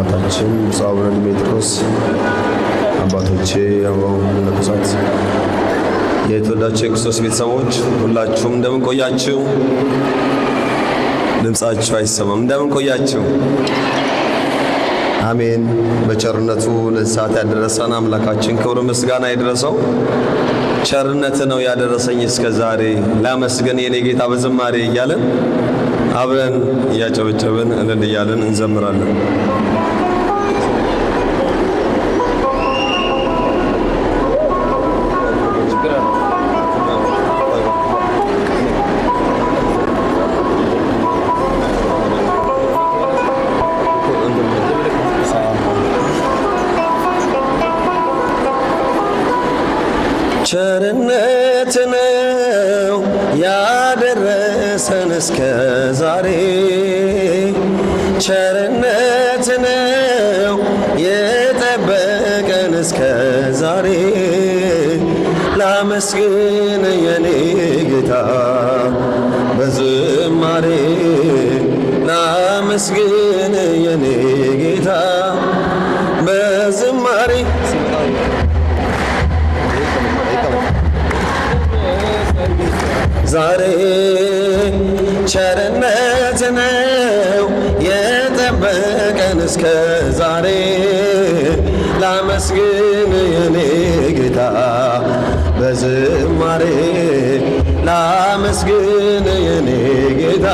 አባታችን ብፁዕ አቡነ ድሜጥሮስ አባቶቼ አበው መነኮሳት፣ የተወደዳችሁ የክርስቶስ ቤተሰቦች ሁላችሁም እንደምን ቆያችሁ? ድምጻችሁ አይሰማም። እንደምን ቆያችሁ? አሜን። በቸርነቱ ለዚህ ሰዓት ያደረሰን አምላካችን ክብር ምስጋና ይድረሰው። ቸርነት ነው ያደረሰኝ እስከ ዛሬ ላመስገን የኔ ጌታ በዝማሬ እያለን አብረን እያጨበጨብን እልል እያለን እንዘምራለን። እስከ ዛሬ ላመስግን የኔ ጌታ በዝማሬ ላመስግን የኔ ጌታ በዝማሬ ዛሬ ቸርነት ነው የጠበቀን እስከ ዛሬ ላመስግን የኔ ጌታ በዝማሬ ላመስግን የኔ ጌታ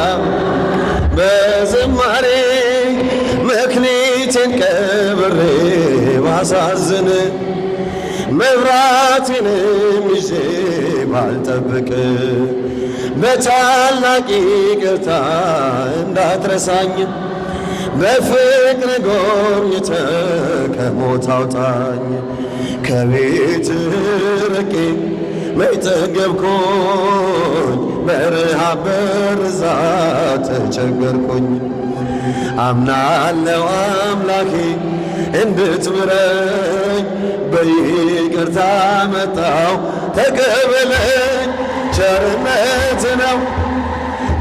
በዝማሬ መክሊቴን ቀብሬ ባሳዝን መብራቴንም ይዤ ባልጠብቅ በታላቅ ይቅርታ እንዳትረሳኝ በፍቅር ጎብኝተ ከሞት አውጣኝ ከቤት ርቄ መይጠገብኩኝ በረሃብ በርዛት ተቸገርኩኝ። አምናለው አምላኬ እንድትምረኝ በይቅርታ መጣው ተቀበለኝ። ቸርነት ነው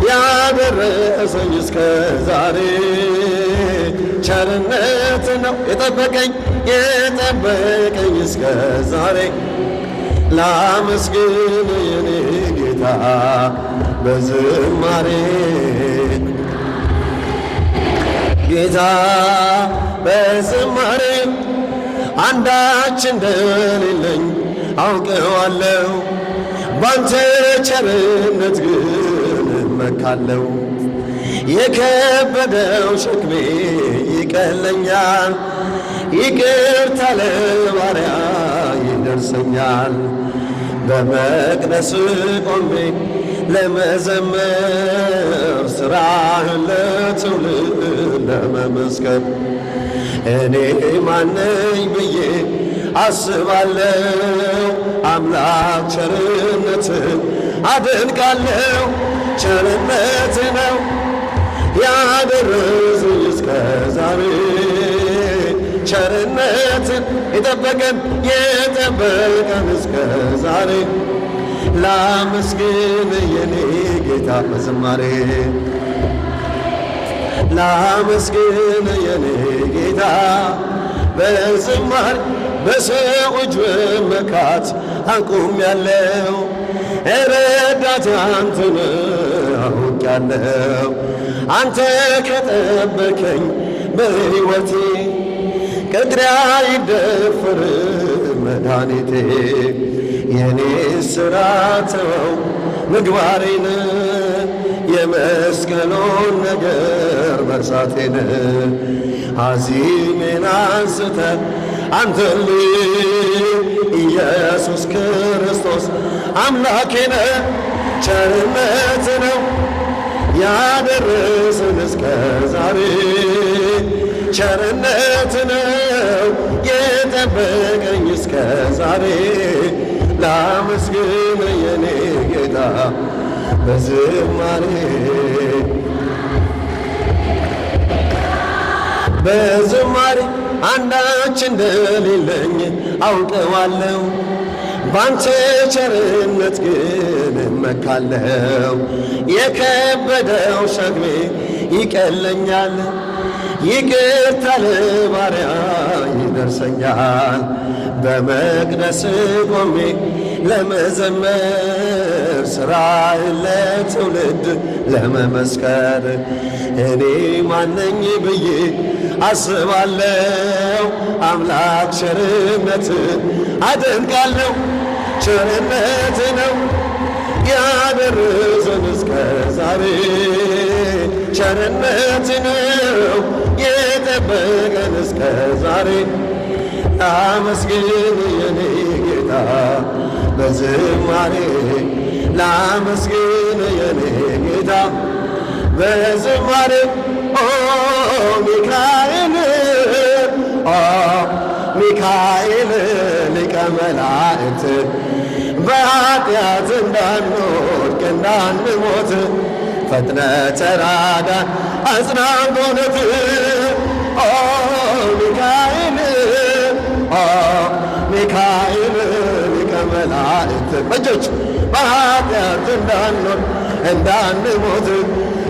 ያደረሰኝ እስከ ዛሬ ቸርነት ነው የጠበቀኝ የጠበቀኝ እስከ ዛሬ ላመስግን የኔ ጌታ በዝማሬ ጌታ በዝማሬ አንዳች እንደሌለኝ አውቀዋለሁ ባንተ ቸርነት ግን እመካለሁ የከበደው ሸክሜ ይቀለኛል፣ ይቅርታ ለባሪያ ይደርሰኛል። በመቅደስ ቆሜ ለመዘመር ስራህን ለትውልድ ለመመስከር እኔ ማነኝ ብዬ አስባለሁ። አምላክ ቸርነትን አደንቃለሁ። ቸርነት ነው ያደረሰኝ እስከ ዛሬ ቸርነትን የጠበቀን የጠበቀን እስከ ዛሬ ላመስግን የኔ ጌታ በዝማሬ ላመስግን የኔ ጌታ በዝማሬ በሰው እጅ መካት አቁም ያለው ረዳት አንተን አውቅ ያለው አንተ ከጠበከኝ በሕይወቴ ቅጥሬ አይደፍር መድኃኒቴ የኔ ሥራ ምግባሬን የመስቀሉን ነገር መርሳቴን አዚሜን አንስተ አንተል ኢየሱስ ክርስቶስ አምላኬን ቸርነት ነው ያደረሰን እስከ ዛሬ ቸርነት ነው የጠበቀኝ እስከ ዛሬ ላመስግን የኔ ጌታ በዝማሬ በዝማሬ አንዳች እንደሌለኝ አውቀዋለሁ ባንተ ቸርነት ግን እመካለሁ። የከበደው ሸክሜ ይቀለኛል፣ ይቅርታ ለባሪያ ይደርሰኛል። በመቅደስ ቆሜ ለመዘመር ሥራህን ለትውልድ ለመመስከር እኔ ማነኝ ብዬ አስባለሁ። አምላክ ቸርነት አደንቃለሁ። ቸርነት ነው ያደረሰን እስከ ዛሬ ቸርነት ነው የጠበቀን እስከ ዛሬ። ላመስግን የኔ ጌታ በዝማሬ ላመስግን የኔ ጌታ በዝማሬ ኦ ሚካኤል ሚካኤል ሊቀ መላእክት በኃጢአት እንዳንወድቅ እንዳንሞት ፈጥነ ተራዳ አጽና በእውነት ኦ ሚካኤል ኦ ሚካኤል ሊቀ መላእክት በእጆች በኃጢአት እንዳንወድቅ እንዳንሞት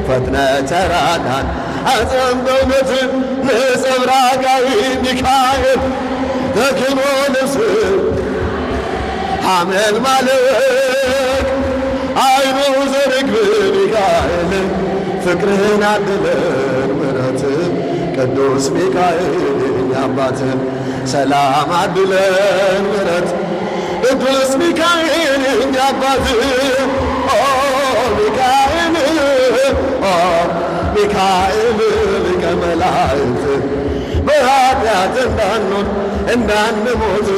ፈጥነ ተራዳን አጽናን በእውነት ነጸብራቃዊ ሚካኤል ተክኖ ነፍስ አመል ማለቅ አይኑ ዘርግ ሚካኤል ፍቅርህን አድለን ምረት ቅዱስ ሚካኤል እኛ አባትን ሰላም አድለን ምረት ቅዱስ ሚካኤል እኛ አባትን ሚካኤል ሚካኤል ሊቀ መላእክት በኃጢአት እንዳንሆን እንዳንሞት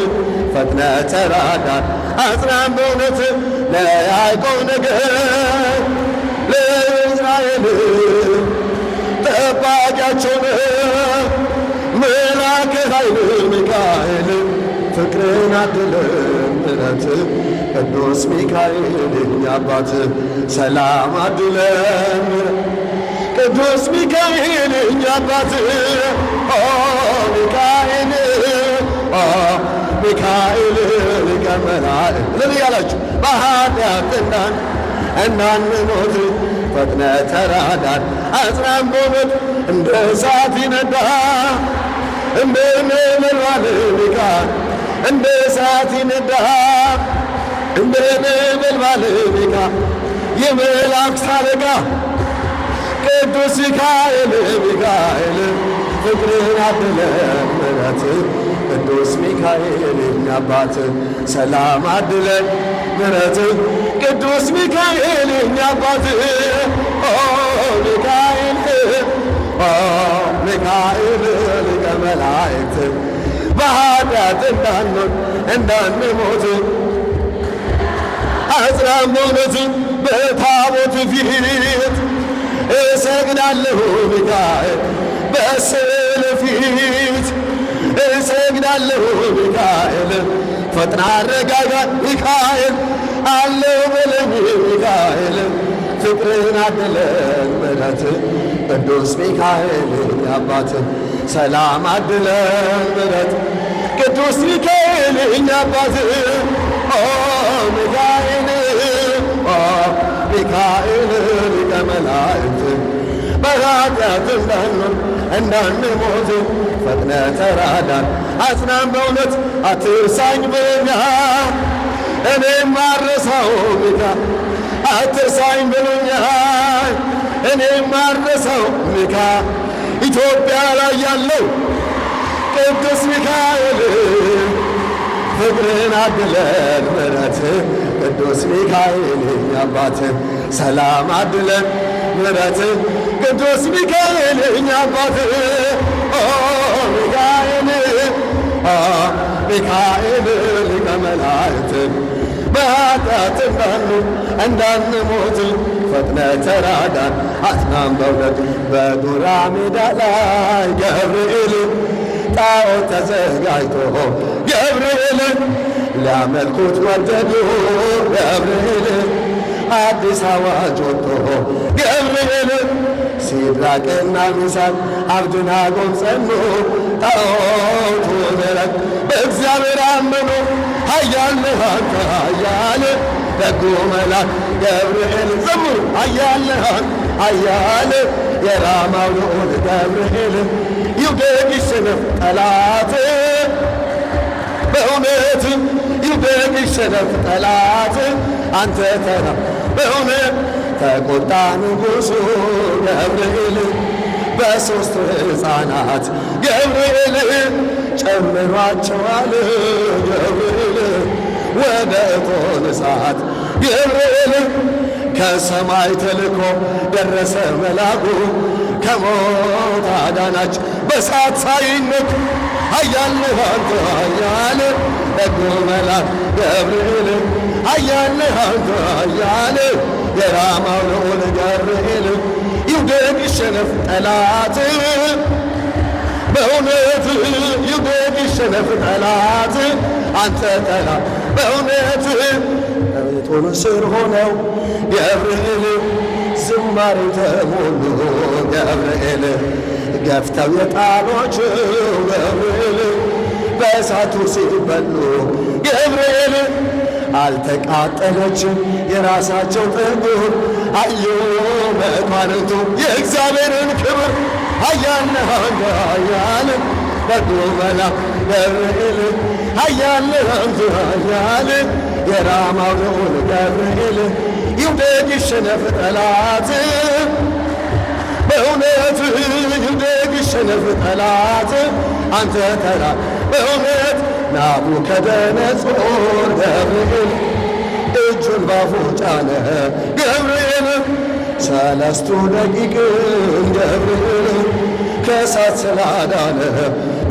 ፈጥነ ተራዳን አጽናም በእውነት ለያዕቆብ ነገር ለእስራኤል ጠባቂያቸውን መልአከ ኃይል ሚካኤል ፍቅርን አድለን ምረት ቅዱስ ሚካኤል የኛ አባት ሰላም አድለን ቅዱስ ሚካኤል የኛ አባት ሚካኤል ሚካኤል ሊቀ መላእክት ልን እያላችሁ በኃጢአት እናን እናንሞት ፈጥነ ተራዳን። አጽናም ቦመድ እንደ እሳት ይነዳ እንደ ነበልባል ሚካኤል እንደ እሳት ይነዳ እንደ ነበልባል ሚካኤል የመላእክት አለቃ ቅዱስ ሚካኤል ሚካኤል ፍቅርን አድለን ምሕረት ቅዱስ ሚካኤል የኛ አባት ሰላም አድለን ምረት ቅዱስ ሚካኤል የኛ አባት ሚካኤል ሚካኤል ሊቀ መላእክት በኃጢአት እንዳንሆን እንዳንሞት አጽናም በታቦት ፊት እሰግዳለሁ ሚካኤል በስዕል ፊት እሰግዳለሁ ሚካኤል ፈጥና አረጋጋ ሚካኤል አለው በለኝ ሚካኤል ፍቅርን አድለን ምረት ቅዱስ ሚካኤል አባት ሰላም አድለን ምረት ቅዱስ ሚካኤል አባት ኦ ሚካኤል ኦ ሚካኤል ሊቀ መላእክት በኃጢአት እንዳንሞት ፈጥነ ተራዳን አጽናን በእውነት አትርሳኝ ብኛ እኔም ማረሳው ሚካ አትርሳኝ ብሉኛ እኔም ማረሳው ሚካ ኢትዮጵያ ላይ ያለው ቅዱስ ሚካኤል ፍቅርን አድለን ምረት ቅዱስ ሚካኤል አባት ሰላም አድለን ምረት ቅዱስ ሚካኤል አባት ሚካኤል ሊቀ መላእክት በኃጢአት እንዳሉ እንዳንሞት ፈጥነ ተራዳን አጽናን በእውነት በዱራ ሜዳ ላይ ገብርኤል ጣዖት ተዘጋጅቶ ገብርኤል ሊያመልኩት ወደዱ ገብርኤል አዲስ አዋጅ ወጥቶ ገብርኤል ሲድራቅና ሚሳቅ አብድናጎም ጸኑ ጣዖቱ መረቅ በእግዚአብሔር አመኑ ኃያል አንተ ኃያል ደጉ መልአክ ገብርኤል ዘምሩ ኃያል ኃያል የራማው ልዑል ገብርኤል ይውደቅ ጠላት በእውነት ይውደቅ ጠላት አንተ ተራ በእውነት ተቆጣ ንጉሡ ገብርኤል በሦስቱ ሕፃናት ገብርኤል ጨምሯቸዋል ገብርኤል ወደ እቶነ እሳት ገብርኤል ከሰማይ ተልኮ ደረሰ መላኩ ከሞት አዳናች በሳት ሳይነክ አያለ አንተ አያለ ደግሞ መልአክ ገብርኤል አያለ አንተ አያለ ገራማው ልዑል ገብርኤል ይውደድ ይሸነፍ ጠላት በእውነት ይውደድ ይሸነፍ ጠላት አንተ ጠላት በእውነት ቶሎ ስር ሆነው ገብርኤል ዝማሬ ተሞሉ ገብርኤል ገፍተው የጣሎች ገብርኤል በእሳቱ ሲበሉ ገብርኤል አልተቃጠለችም የራሳቸው ጥንጉር አዩ መኳንንቱ የእግዚአብሔርን ክብር አያነሃንጋ ያል በጎ መልአክ ገብርኤል አያነሃንጋ ያል የራማው ልዑል ገብርኤል ይውደቅ ይሸነፍ ጠላት በእውነት ይውደቅ ይሸነፍ ጠላት አንተ ተራ በእውነት ናቡከደነጾር ገብርኤል እጁን ባፉ ጫነ ገብርኤል ሰለስቱ ደቂቅን ገብርኤል ከእሳት ስላዳነ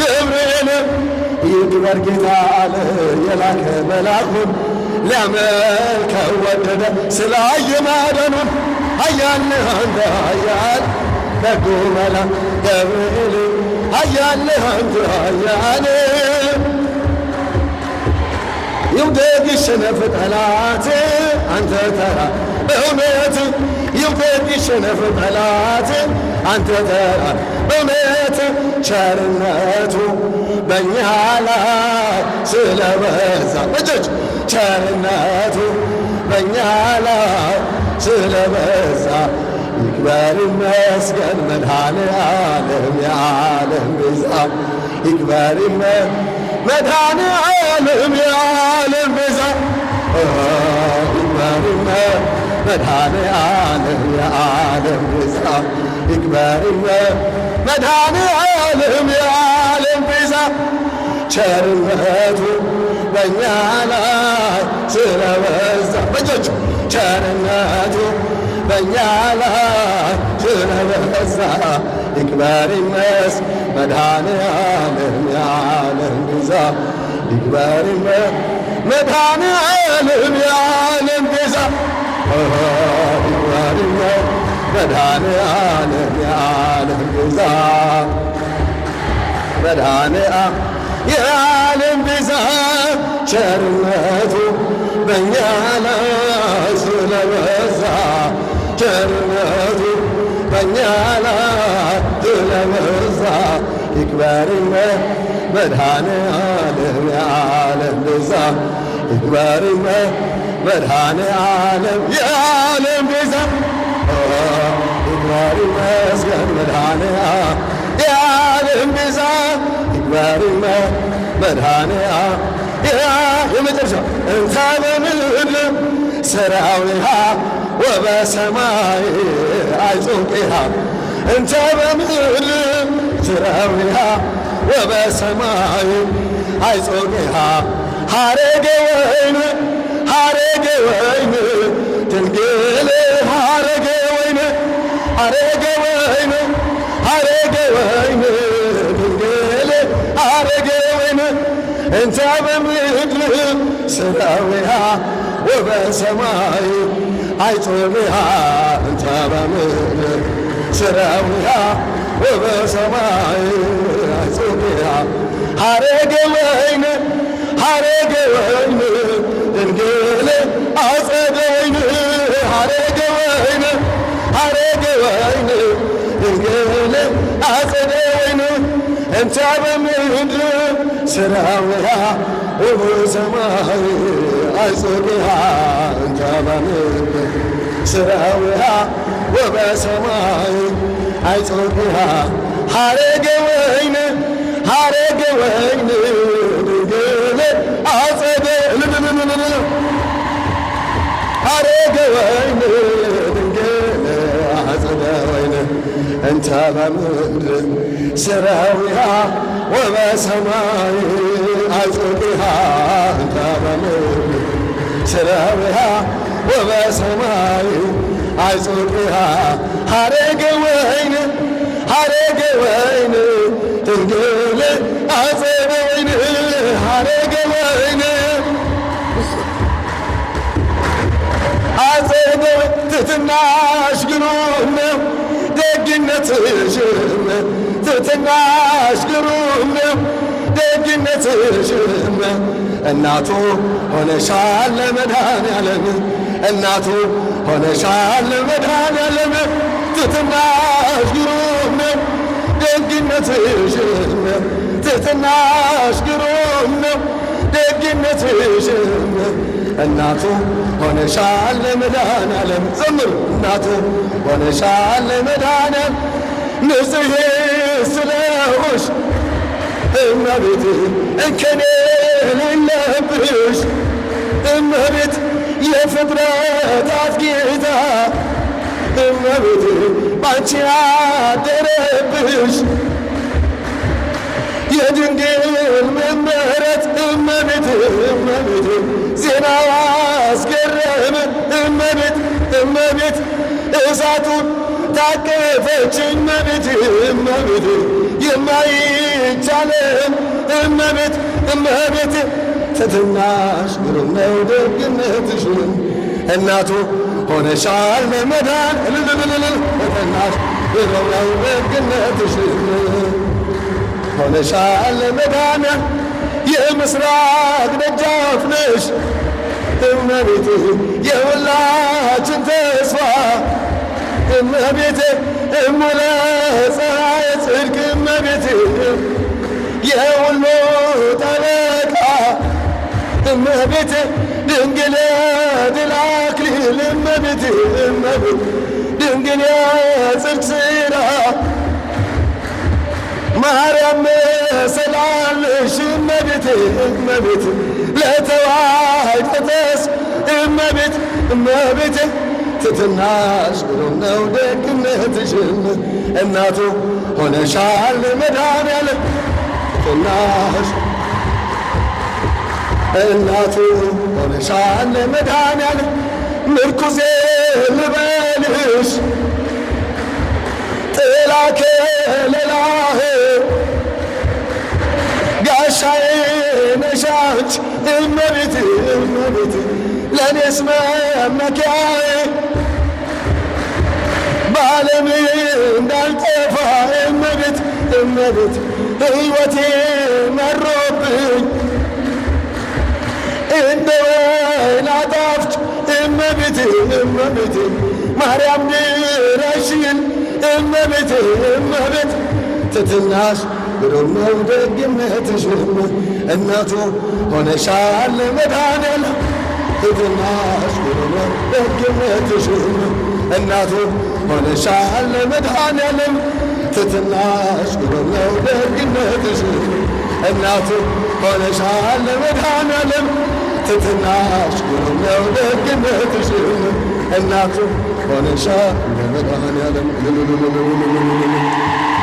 ገብርኤል ይክበር ጌታ አለ የላከ መልአኩን ለመልከው ወደደ ስላየ ማዳኑን አያለ አንተ አያል ደጎ መላ ገብርኤል አያለ አንተ አያል ይውደቅ ይሸነፍ ጠላት አንተ ተራ በእውነት ይውደቅ ይሸነፍ ጠላት አንተ ተራ በእውነት ቸርነቱ በእኛ ላይ ስለበዛ እጆች ቸርነቱ በእኛ ላይ ስለበዛ ይክበር ይመስገን መድኃኔዓለም የዓለም ቤዛ ይክበር መድኃኔዓለም መድኃኔ ዓለም የዓለም ቤዛ ይክበር መድኃኔ ዓለም የዓለም ቤዛ ቸርነቱ በእኛ ላይ ስለበዛ በእጆች ቸርነቱ በእኛ ላይ ስለበዛ ይክበር ይመስ መድኃኔ ዓለም የዓለም ቤዛ ይክበር ይመስ መድኃኔ ዓለም ወድኛው መድኃኔ ዓለም የዓለም ቤዛ መድኃኔ የዓለም ቤዛ ቸርነቱ በእኛ ላይ ስለበዛ ቸርነቱ በእኛ ላይ ስለበዛ ይክበርኝ መድኃኔ ዓለም የዓለም ቤዛ ይክበርኝ برهان عالم يا عالم بزم إقبال المسجد برهان عالم يا عالم بزم إقبال برهان عالم يا مدرجة انت من الهدم سراويها وبسماء عزوقها انت من الهدم سراويها وبسماء عزوقها حرق وين አረገ ወይን ድንግል ሐረገ ወይን አረገ ወይን ሐረገ ወይን ድንግል ሐረገ ወይን እንተ በምድር ስራዊሃ ወበሰማይ አይቶብሃ እንተ በምድር ስራዊሃ ወበሰማይ አይቶብሃ ሐረገ ወይን ሐረገ ወይን ድንግል አጸደ ወይን ሐረገ ወይን ሐረገ ወይን ድንግል አጸደ ወይን እንተ በምድር ሥራውሃ ወሰማይ አጸደሃ እንተ በምድር ሥራውሃ ወበሰማይ አጸደሃ ሐረገ ወይን ሐረገ ወይን አረገ ወይን ድንግል አጸደ ወይን እንተ በምድር ስረዊሃ ወበሰማይ አጽብሃ እንተ በምድር ስረዊሃ ወበሰማይ አጽብሃ አረገ ወይን አረገ ወይን ድንግል አጸደ ወይን አረገ ወይን ትትናሽ ግሩም ነው ደግነትሽ ትትናሽ ግሩም ነው ደግነትሽ እናቱ ሆነሻል ለመድኃኔዓለም እናቱ ሆነሻል ለመድኃኔዓለም ትትናሽ ግሩም ነው ደግነትሽ ትትናሽ ግሩም ነው ደግነትሽ እናቱ ሆነሻል ለመዳን ዓለም ዘምሩ እናቱ ሆነሻል ለመዳን ዓለም ንጽሄ ስለሆሽ እመቤት እንከኔ ሌለብሽ እመቤት የፍጥረታት ጌታ እመቤት ባንቺ አደረብሽ የድንግል መመረት እመቤት እመቤት ዜና አስገረመን እመቤት እመቤት እሳቱን ታቀፈች እመቤት እመቤት የማይቻለን እመቤት እመቤት ትትናሽ ግሩም ነው ደግነትሽን እናቱ ሆነሻል ለመዳን ልልልልል ትትናሽ ግሩም ነው ደግነትሽን ሆነሻል ለመዳን የምስራቅ ደጃፍ ነሽ እመቤቴ፣ የሁላችን ተስፋ እመቤቴ፣ እሙለ ፀሐይ ጽድቅ እመቤቴ፣ የሁሉ ጠበቃ እመቤቴ፣ ድንግል ድል አክሊል እመቤቴ፣ እመቤቴ ድንግል ጽድቅ ማርያም ስላለሽ እመቤት እመቤት ለተዋሕዶተስ እመቤት እመቤት ትትናሽ ግሩም ነው ደግነትሽን እናቱ ሆነሻል መድኃኔዓለም ትትናሽ እናቱ ሆነሻል መድኃኔዓለም ምርኩዜ ልበልሽ ጥላ ከለላህ شايل نشات المبتي المبتي لن يسمع مكاي بعالمين دالتفا المبت المبت هيوتي من ربي انت وين عطفت المبتي المبتي مريم دي رشيل المبتي المبت تتناش ብሩነት ደግነትሽ እናቱ ሆነሻል መድኃኔዓለም ትትናሽ ብሩነት ደግነትሽ እናቱ ሆነሻል መድኃኔዓለም ትትናሽ ብሩነት ደግነትሽ እናቱ ሆነሻል መድኃኔዓለም ትትናሽ ብሩነት ደግነትሽ እናቱ ሆነሻል መድኃኔዓለም